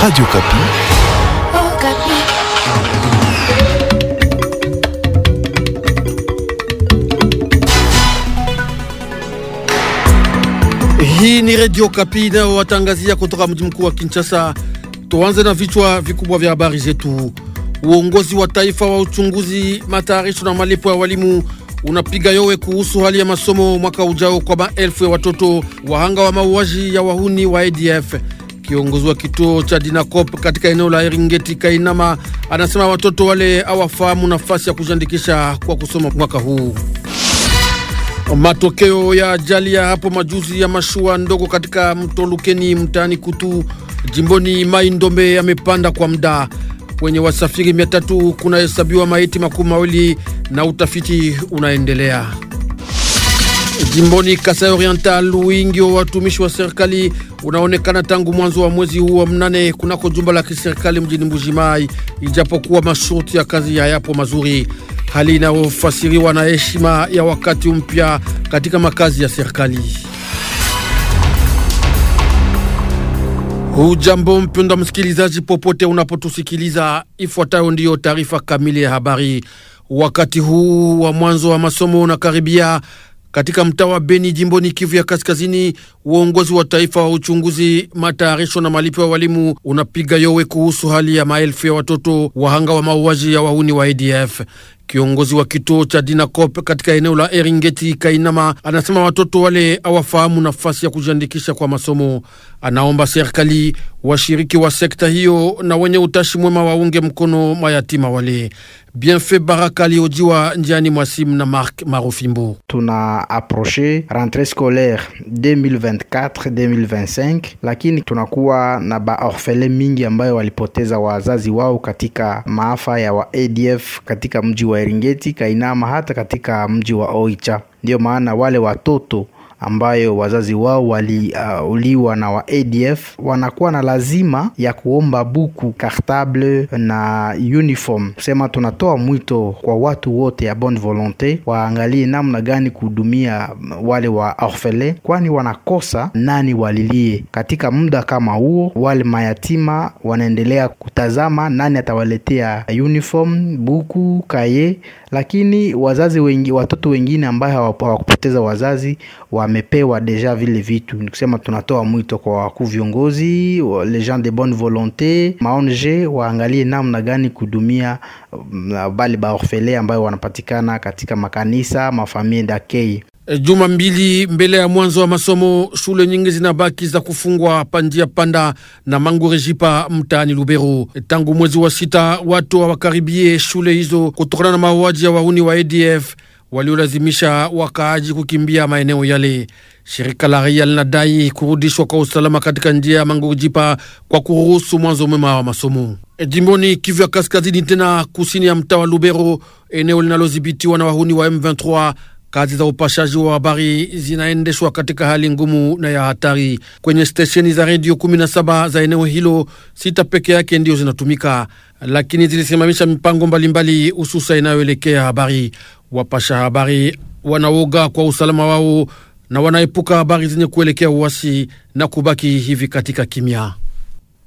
Radio Kapi. Oh, Kapi. Hii ni Radio Kapi inayowatangazia kutoka mji mkuu wa Kinshasa. Tuanze na vichwa vikubwa vya habari zetu. Uongozi wa taifa wa uchunguzi, matayarisho na malipo ya walimu unapiga yowe kuhusu hali ya masomo mwaka ujao kwa maelfu ya watoto wahanga wa mauaji ya wahuni wa ADF. Kiongozi wa kituo cha Dinacop katika eneo la Eringeti Kainama anasema watoto wale hawafahamu nafasi ya kujiandikisha kwa kusoma mwaka huu. Matokeo ya ajali ya hapo majuzi ya mashua ndogo katika mto Lukeni mtaani Kutu jimboni Mai Ndombe yamepanda kwa muda. Kwenye wasafiri 300 kunahesabiwa maiti makumi mawili na utafiti unaendelea. Jimboni Kasai Oriental, wingi wa watumishi wa serikali unaonekana tangu mwanzo wa mwezi huu wa mnane kunako jumba la kiserikali mjini Mbujimai, ijapokuwa masharti ya kazi hayapo mazuri, hali inayofasiriwa na heshima ya wakati mpya katika makazi ya serikali. Hujambo mpenda msikilizaji, popote unapotusikiliza, ifuatayo ndiyo taarifa kamili ya habari. Wakati huu wa mwanzo wa masomo unakaribia katika mtaa wa Beni jimboni Kivu ya Kaskazini, uongozi wa taifa wa uchunguzi matayarisho na malipo ya walimu unapiga yowe kuhusu hali ya maelfu ya watoto wahanga wa mauaji ya wahuni wa ADF. Kiongozi wa kituo cha Dinacop katika eneo la Eringeti Kainama anasema watoto wale hawafahamu nafasi ya kujiandikisha kwa masomo. Anaomba serikali, washiriki wa sekta hiyo na wenye utashi mwema waunge mkono mayatima wale. Bienfe Baraka aliojiwa njiani mwa simu na Mark Marofimbo. Tuna approche rentre scolaire 2024-2025 lakini tunakuwa na baorfele mingi ambayo walipoteza wazazi wao katika maafa ya wa ADF katika mji wa Eringeti, Kainama, hata katika mji wa Oicha. Ndiyo maana wale watoto ambayo wazazi wao waliuliwa uh, na wa ADF wanakuwa na lazima ya kuomba buku kartable na uniform. sema tunatoa mwito kwa watu wote ya bonne volonté waangalie namna gani kuhudumia wale wa orfele, kwani wanakosa nani walilie katika muda kama huo. Wale mayatima wanaendelea kutazama nani atawaletea uniform, buku, kaye, lakini wazazi wengi, watoto wengine ambayo hawakupoteza wazazi wa wamepewa deja vile vitu. Ni kusema tunatoa mwito kwa wakuu viongozi, les gens de bonne volonté, maonje waangalie namna gani kudumia mm, ba baorfele ambayo wanapatikana katika makanisa mafamie dakei. Eh, juma mbili mbele ya mwanzo wa masomo, shule nyingi zinabaki za kufungwa panjia panda na Mangurejipa mtaani Lubero. Eh, tangu mwezi wa sita watu hawakaribie shule hizo kutokana na mauaji ya wahuni wa ADF waliolazimisha wakaaji kukimbia maeneo yale. Shirika la raia linadai kurudishwa kwa usalama katika njia ya Mangujipa kwa kuruhusu mwanzo mwema wa masomo. E, jimboni Kivu ya Kaskazini, tena kusini ya mtaa wa Lubero, eneo linalodhibitiwa na wahuni wa M23 Kazi za upashaji wa habari zinaendeshwa katika hali ngumu na ya hatari kwenye stesheni za redio 17 za eneo hilo. Sita peke yake ndiyo zinatumika, lakini zilisimamisha mipango mbalimbali, hususa inayoelekea habari. Wapasha habari wanaoga kwa usalama wao na wanaepuka habari zenye kuelekea uasi na kubaki hivi katika kimya.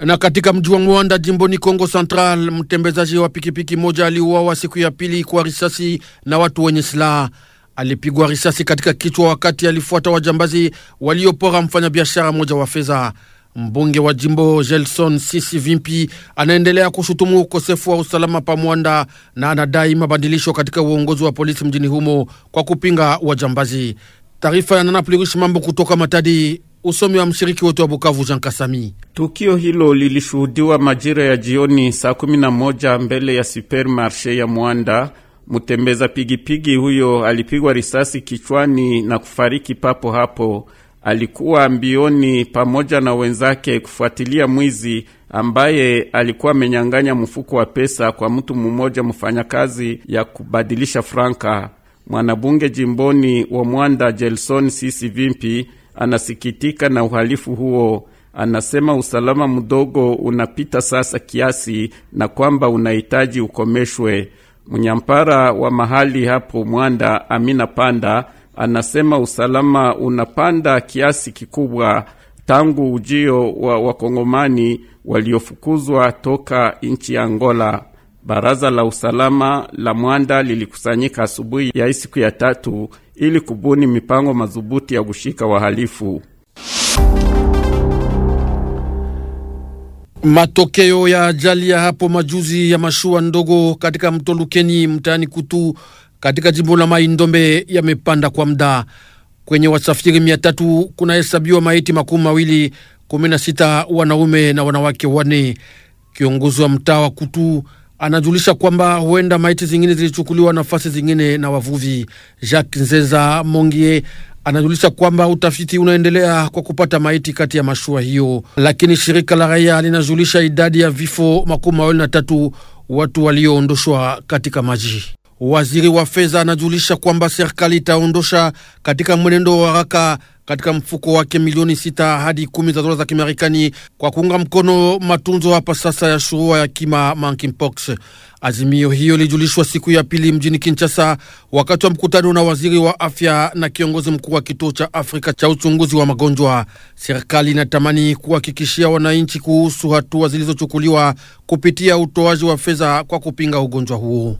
Na katika mji wa Mwanda jimboni Kongo Central, mtembezaji wa pikipiki moja aliuawa siku ya pili kwa risasi na watu wenye silaha alipigwa risasi katika kichwa wakati alifuata wajambazi waliopora mfanyabiashara mmoja wa fedha. Mbunge wa jimbo Gelson Sisi Vimpi anaendelea kushutumu ukosefu wa usalama pa Mwanda na anadai mabadilisho katika uongozi wa polisi mjini humo kwa kupinga wajambazi. Taarifa ya Nanapulirishi Mambo kutoka Matadi. Usomi wa mshiriki wetu wa Bukavu Jean Kasami. Tukio hilo lilishuhudiwa majira ya jioni saa 11 mbele ya supermarshe ya Mwanda Mtembeza pigipigi huyo alipigwa risasi kichwani na kufariki papo hapo. Alikuwa mbioni pamoja na wenzake kufuatilia mwizi ambaye alikuwa amenyang'anya mfuko wa pesa kwa mtu mmoja mfanyakazi ya kubadilisha franka. Mwanabunge jimboni wa Mwanda Jelson Sisi Vimpi anasikitika na uhalifu huo. Anasema usalama mdogo unapita sasa kiasi na kwamba unahitaji ukomeshwe. Mnyampara wa mahali hapo Mwanda, Amina Panda, anasema usalama unapanda kiasi kikubwa tangu ujio wa wakongomani waliofukuzwa toka nchi ya Angola. Baraza la usalama la Mwanda lilikusanyika asubuhi ya siku ya tatu ili kubuni mipango madhubuti ya kushika wahalifu. Matokeo ya ajali ya hapo majuzi ya mashua ndogo katika mto Lukeni mtaani Kutu katika jimbo la Mai Ndombe yamepanda kwa muda. Kwenye wasafiri mia tatu kunahesabiwa maiti makumi mawili, kumi na sita wanaume na wanawake wane. Kiongozi wa mtaa wa Kutu anajulisha kwamba huenda maiti zingine zilichukuliwa nafasi zingine na wavuvi. Jacques Nzeza Mongie anajulisha kwamba utafiti unaendelea kwa kupata maiti kati ya mashua hiyo, lakini shirika la raia linajulisha idadi ya vifo makumi mawili na tatu watu walioondoshwa katika maji. Waziri wa fedha anajulisha kwamba serikali itaondosha katika mwenendo wa haraka katika mfuko wake milioni sita hadi kumi za dola za Kimarekani kwa kuunga mkono matunzo hapa sasa ya shurua ya kima monkeypox. Azimio hiyo ilijulishwa siku ya pili mjini Kinshasa wakati wa mkutano na waziri wa afya na kiongozi mkuu wa kituo cha Afrika cha uchunguzi wa magonjwa. Serikali inatamani kuhakikishia wananchi kuhusu hatua zilizochukuliwa kupitia utoaji wa fedha kwa kupinga ugonjwa huo.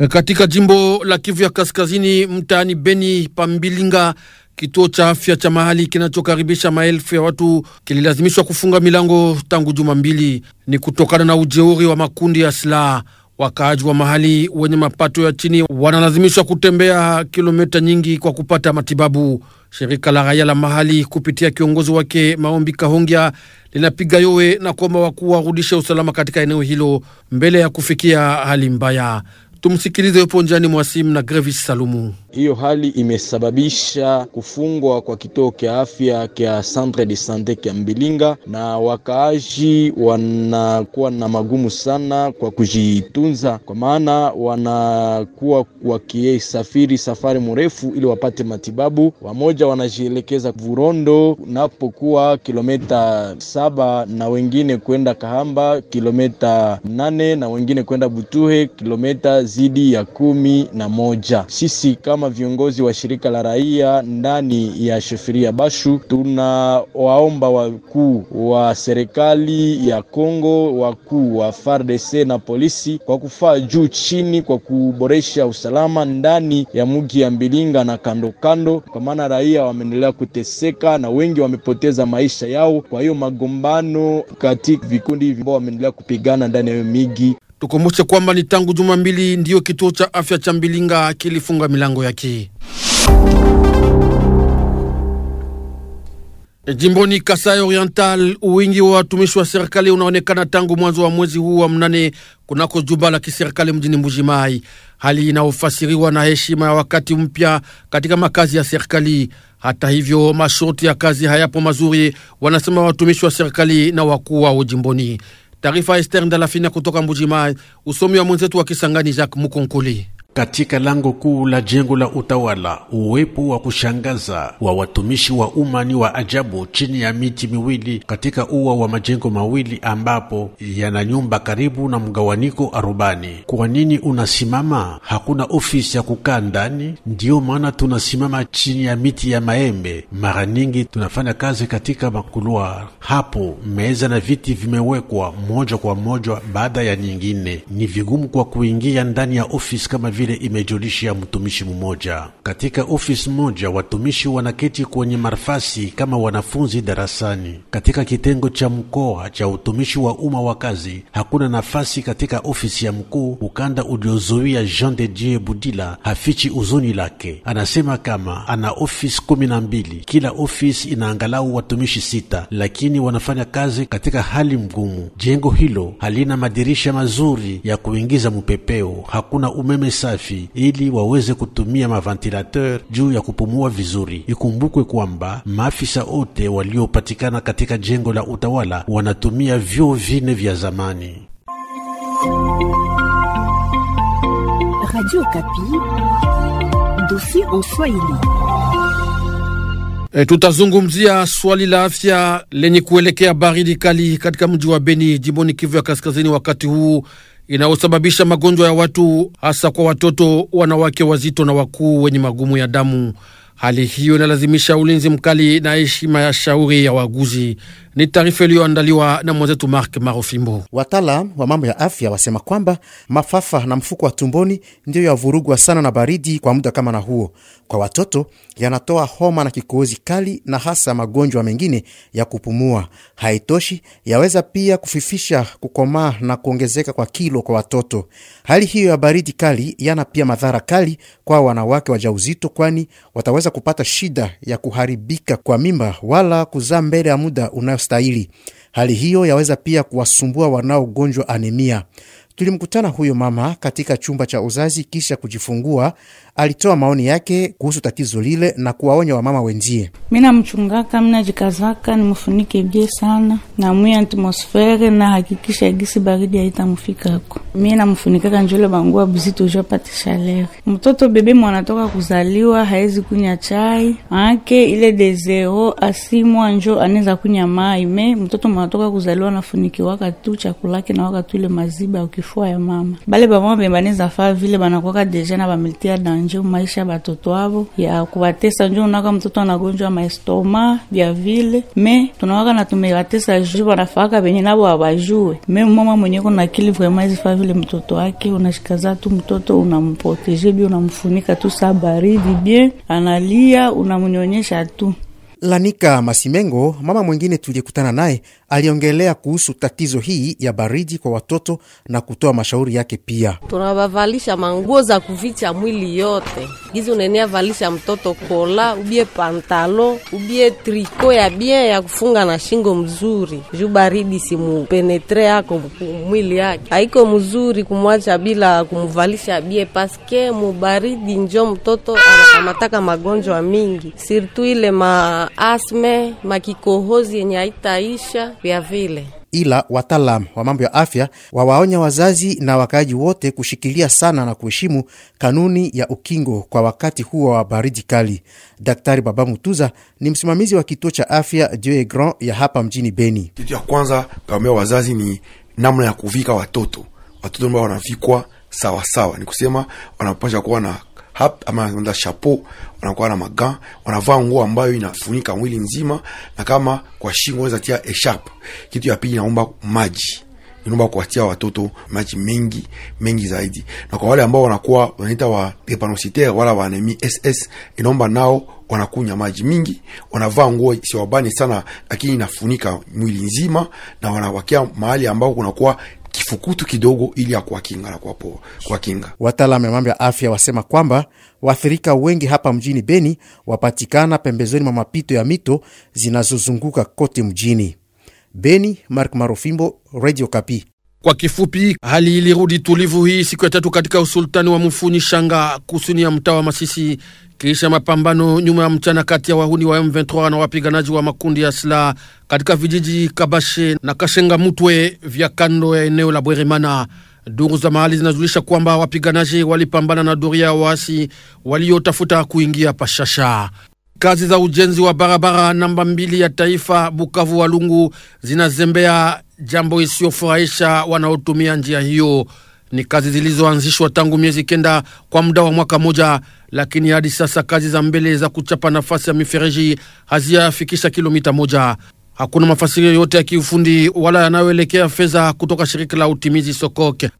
Eh, katika jimbo la Kivu ya Kaskazini, mtaani Beni Pambilinga, kituo cha afya cha mahali kinachokaribisha maelfu ya watu kililazimishwa kufunga milango tangu juma mbili. Ni kutokana na ujeuri wa makundi ya silaha. Wakaaji wa mahali wenye mapato ya chini wanalazimishwa kutembea kilomita nyingi kwa kupata matibabu. Shirika la raia la mahali kupitia kiongozi wake Maombi Kahongya linapiga yowe na kuomba wakuu warudishe usalama katika eneo hilo mbele ya kufikia hali mbaya. Tumsikilize, yupo njani mwa simu na Grevis Salumu. Hiyo hali imesababisha kufungwa kwa kituo kya afya kya Centre de Sante kya Mbilinga, na wakaaji wanakuwa na magumu sana kwa kujitunza, kwa maana wanakuwa wakisafiri safari mrefu ili wapate matibabu. Wamoja wanajielekeza Vurondo napokuwa kilometa saba na wengine kwenda Kahamba kilometa nane na wengine kwenda Butuhe kilometa zaidi ya kumi na moja. Sisi kama viongozi wa shirika la raia ndani ya shefiria Bashu tunawaomba wakuu wa serikali ya Kongo, wakuu wa FARDC na polisi kwa kufaa juu chini kwa kuboresha usalama ndani ya mji ya Mbilinga na kando kando, kwa maana raia wameendelea kuteseka na wengi wamepoteza maisha yao. Kwa hiyo magombano katika vikundi ambao wameendelea kupigana ndani ya miji Tukumbushe kwamba ni tangu juma mbili ndiyo kituo cha afya cha Mbilinga kilifunga milango yake. Jimboni Kasai Oriental, wingi wa watumishi wa serikali unaonekana tangu mwanzo wa mwezi huu wa mnane kunako jumba la kiserikali mjini Mbujimai, hali inayofasiriwa na heshima ya wakati mpya katika makazi ya serikali. Hata hivyo, masharti ya kazi hayapo mazuri, wanasema watumishi wa serikali na wakuu wao jimboni. Taarifa Esther Ndalafina kutoka Mbuji usomi wa mwenzetu wa Kisangani Jacques Mukonkoli. Katika lango kuu la jengo la utawala, uwepo wa kushangaza wa watumishi wa umma ni wa ajabu, chini ya miti miwili katika ua wa majengo mawili ambapo yana nyumba karibu na mgawaniko arobani. Kwa nini unasimama? Hakuna ofisi ya kukaa ndani, ndiyo maana tunasimama chini ya miti ya maembe. Mara nyingi tunafanya kazi katika makuluar. Hapo meza na viti vimewekwa moja kwa moja baada ya nyingine. Ni vigumu kwa kuingia ndani ya ofisi kama vile vile imejulisha mtumishi mmoja. Katika ofisi moja, watumishi wanaketi kwenye marfasi kama wanafunzi darasani. Katika kitengo cha mkoa cha utumishi wa umma wa kazi, hakuna nafasi katika ofisi ya mkuu. Ukanda uliozuia Jean de Dieu Budila hafichi uzuni lake, anasema kama ana ofisi kumi na mbili, kila ofisi ina angalau watumishi sita, lakini wanafanya kazi katika hali mgumu. Jengo hilo halina madirisha mazuri ya kuingiza mpepeo, hakuna umeme safi safi ili waweze kutumia maventilateur juu ya kupumua vizuri. Ikumbukwe kwamba maafisa wote waliopatikana katika jengo la utawala wanatumia vyoo vine vya zamani. Radio Kapi, dossier en Swahili. E, tutazungumzia swali la afya lenye kuelekea baridi kali katika mji wa Beni jimboni Kivu ya Kaskazini wakati huu inayosababisha magonjwa ya watu hasa kwa watoto, wanawake wazito na wakuu wenye magumu ya damu. Hali hiyo inalazimisha ulinzi mkali na heshima ya shauri ya waaguzi ni taarifa iliyoandaliwa na mwenzetu Mark Marofimbo. Wataalam wa mambo ya afya wasema kwamba mafafa na mfuko wa tumboni ndiyo yavurugwa sana na baridi kwa muda kama na huo. Kwa watoto yanatoa homa na kikohozi kali na hasa magonjwa mengine ya kupumua. Haitoshi, yaweza pia kufifisha kukomaa na kuongezeka kwa kilo kwa watoto. Hali hiyo ya baridi kali yana pia madhara kali kwa wanawake wajauzito, kwani wataweza kupata shida ya kuharibika kwa mimba wala kuzaa mbele ya muda unayo inastahili. Hali hiyo yaweza pia kuwasumbua wanaogonjwa anemia. Tulimkutana huyo mama katika chumba cha uzazi kisha kujifungua. Alitoa maoni yake kuhusu tatizo lile na kuwaonya wamama wenzie. Mi namchungaka mina jikazaka nimfunike bie sana na mwi atmosfere na hakikisha gisi baridi haitamfikako. Mi namfunikaka njole bangua buzito jopate shalere. Mtoto bebe mwanatoka kuzaliwa haezi kunya chai maake ile dezero asimwa njo aneza kunya mai me mtoto mwanatoka kuzaliwa nafunikiwaka tu chakulake na waka tu ile maziba uki kifua ya mama bale bamama bembaneza fa vile banakuwaka deja na bamilitia danje maisha ya batoto avo ya kubatesa njo unaka mtoto anagonjwa maestoma vya vile me tunawaka na tumebatesa ju banafaka benye nabo abajue me mama mwenye ko na nakili vraimen ezifa vile mtoto wake unashikaza tu mtoto unamproteje bi unamfunika tu sa baridi bien analia unamnyonyesha tu. Lanika Masimengo, mama mwingine tuliyekutana naye aliongelea kuhusu tatizo hii ya baridi kwa watoto na kutoa mashauri yake. Pia tunabavalisha manguo za kuvicha mwili yote gizi, unenea valisha mtoto kola ubie pantalo ubie triko ya bien ya kufunga na shingo mzuri, juu baridi simupenetre yako mwili yake haiko mzuri, kumwacha bila kumvalisha bie paske mubaridi njo mtoto anakamataka magonjwa mingi sirtu ile maasme makikohozi yenye haitaisha ya vile ila wataalam wa mambo ya afya wawaonya wazazi na wakaaji wote kushikilia sana na kuheshimu kanuni ya ukingo kwa wakati huo wa baridi kali. Daktari Baba Mutuza ni msimamizi wa kituo cha afya Dieu Grand ya hapa mjini Beni. Kitu ya kwanza kaambia wazazi ni namna ya kuvika watoto, watoto ambao wanavikwa sawasawa, ni kusema wanapasha kuwa na hap ama anaenda chapeau, wanakuwa na maga wanavaa nguo ambayo inafunika mwili nzima, na kama kwa shingo unaweza tia eshap. Kitu ya pili naomba maji inaomba kuwatia watoto maji mengi mengi zaidi, na kwa wale ambao wanakuwa wanaita wa epanositer wala wa anemi SS, inaomba nao wanakunywa maji mingi, wanavaa nguo siwabani sana, lakini inafunika mwili nzima, na wanawakia mahali ambao kunakuwa fukutu kidogo, ili ya kuwakinga na kuwapoa kuwakinga. Wataalamu ya mambo ya afya wasema kwamba waathirika wengi hapa mjini Beni wapatikana pembezoni mwa mapito ya mito zinazozunguka kote mjini Beni. Mark Marofimbo, Radio Kapi. Kwa kifupi, hali ilirudi tulivu hii siku ya tatu katika usultani wa Mfuni Shanga, kusini ya mtaa wa Masisi, kisha mapambano nyuma ya mchana kati ya wahuni wa M23 na wapiganaji wa makundi ya silaha katika vijiji Kabashe na Kashenga Mutwe vya kando ya eneo la Bweremana. Duru za mahali zinajulisha kwamba wapiganaji walipambana na doria ya waasi waliotafuta kuingia Pashasha. Kazi za ujenzi wa barabara namba mbili ya taifa Bukavu Walungu zinazembea jambo isiyofurahisha wanaotumia njia hiyo. Ni kazi zilizoanzishwa tangu miezi kenda kwa muda wa mwaka moja, lakini hadi sasa kazi za mbele za kuchapa nafasi ya mifereji haziyafikisha kilomita moja. Hakuna mafasiri yoyote ya kiufundi wala yanayoelekea fedha kutoka shirika la utimizi Sokoke.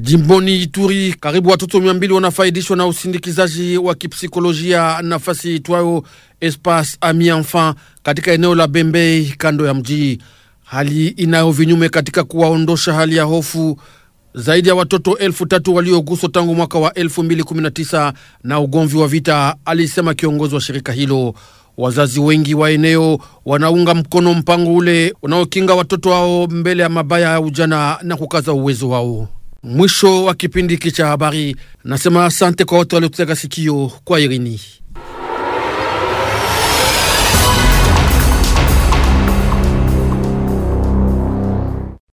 Jimboni Ituri, karibu watoto mia mbili wanafaidishwa na usindikizaji wa kipsikolojia nafasi itwayo Espace Ami Enfant katika eneo la Bembei kando ya mji hali inayo vinyume katika kuwaondosha hali ya hofu zaidi ya watoto elfu tatu walioguswa tangu mwaka wa 2019 na ugomvi wa vita, alisema kiongozi wa shirika hilo. Wazazi wengi wa eneo wanaunga mkono mpango ule unaokinga watoto hao mbele ya mabaya ya ujana na kukaza uwezo wao. Mwisho wa kipindi hiki cha habari, nasema asante kwa wote waliotega sikio kwa Irini.